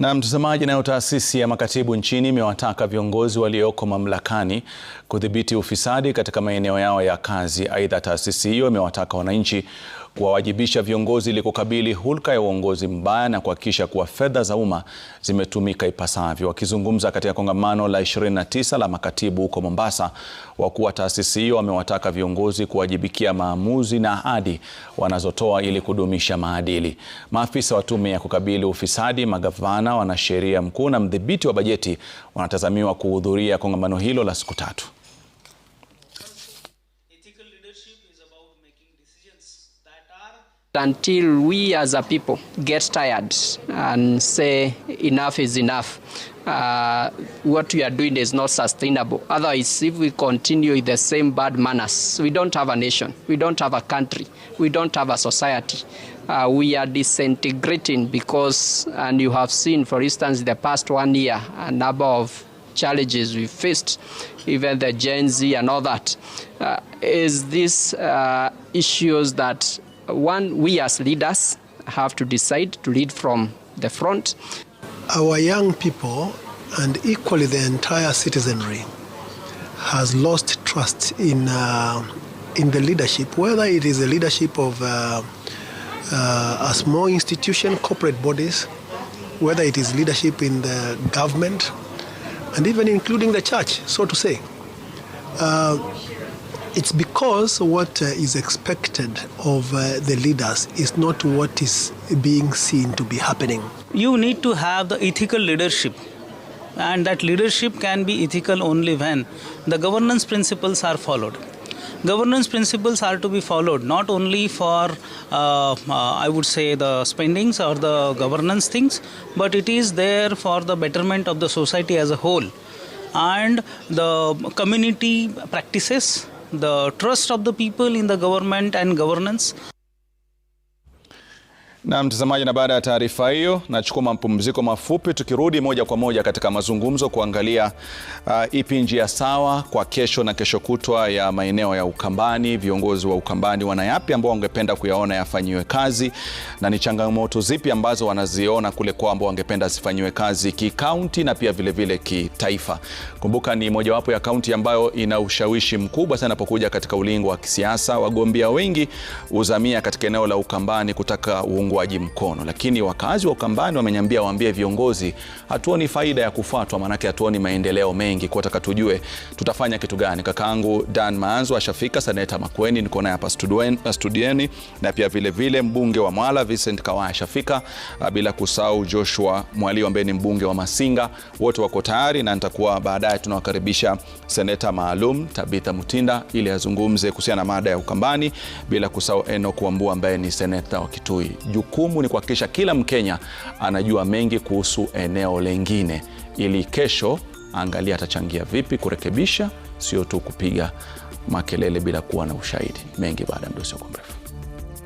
Na mtazamaji, nayo taasisi ya makatibu nchini imewataka viongozi walioko mamlakani kudhibiti ufisadi katika maeneo yao ya kazi. Aidha, taasisi hiyo imewataka wananchi kuwawajibisha viongozi ili kukabili hulka ya uongozi mbaya na kuhakikisha kuwa fedha za umma zimetumika ipasavyo. Wakizungumza katika kongamano la 29 la makatibu huko Mombasa, wakuu wa taasisi hiyo wamewataka viongozi kuwajibikia maamuzi na ahadi wanazotoa ili kudumisha maadili. Maafisa wa tume ya kukabili ufisadi, magavana na wanasheria mkuu na mdhibiti wa bajeti wanatazamiwa kuhudhuria kongamano hilo la siku tatu. until we as a people get tired and say enough is enough. Uh, what we are doing is not sustainable. Otherwise, if we continue with the same bad manners, we don't have a nation, we don't have a country, we don't have a society. Uh, we are disintegrating because, and you have seen, for instance, the past one year, a number of challenges we faced, even the Gen Z and all that, uh, is these uh, issues that one we as leaders have to decide to lead from the front. Our young people and equally the entire citizenry has lost trust in, uh, in the leadership, whether it is the leadership of uh, uh, a small institution, corporate bodies, whether it is leadership in the government, and even including the church, so to say. Uh, It's because what uh, is expected of uh, the leaders is not what is being seen to be happening. You need to have the ethical leadership, and that leadership can be ethical only when the governance principles are followed. Governance principles are to be followed not only for, uh, uh I would say, the spendings or the governance things, but it is there for the betterment of the society as a whole and the community practices the trust of the people in the government and governance. Na mtazamaji, na baada ya taarifa hiyo, nachukua mapumziko mafupi, tukirudi moja kwa moja katika mazungumzo kuangalia uh, ipi njia sawa kwa kesho na kesho kutwa ya maeneo ya Ukambani. Viongozi wa Ukambani wana yapi ambao wangependa kuyaona yafanyiwe kazi na ni changamoto zipi ambazo wanaziona kule kwao ambao wangependa zifanyiwe kazi kikaunti na pia vilevile kitaifa. Kumbuka ni mojawapo ya kaunti ambayo ina ushawishi mkubwa sana pokuja katika ulingo wa kisiasa. Wagombea wengi huzamia katika eneo la Ukambani kutaka uungu uungwaji mkono, lakini wakazi wa Ukambani wamenyambia waambie viongozi, hatuoni faida ya kufuatwa, maanake hatuoni maendeleo mengi, kutaka tujue tutafanya kitu gani. Kakaangu Dan Maanzo ashafika, seneta Makweni niko naye hapa studieni, na pia vilevile vile mbunge wa Mwala Vincent Kawa ashafika, ah, bila kusahau Joshua Mwaliu ambaye ni mbunge wa Masinga. Wote wako tayari na nitakuwa baadaye tunawakaribisha seneta maalum Tabitha Mutinda ili azungumze kuhusiana na mada ya Ukambani, bila kusahau Enock Wambua ambaye ni seneta wa Kitui jukumu ni kuhakikisha kila Mkenya anajua mengi kuhusu eneo lengine, ili kesho angalia atachangia vipi kurekebisha, sio tu kupiga makelele bila kuwa na ushahidi. Mengi baada ya mdosi wako mrefu.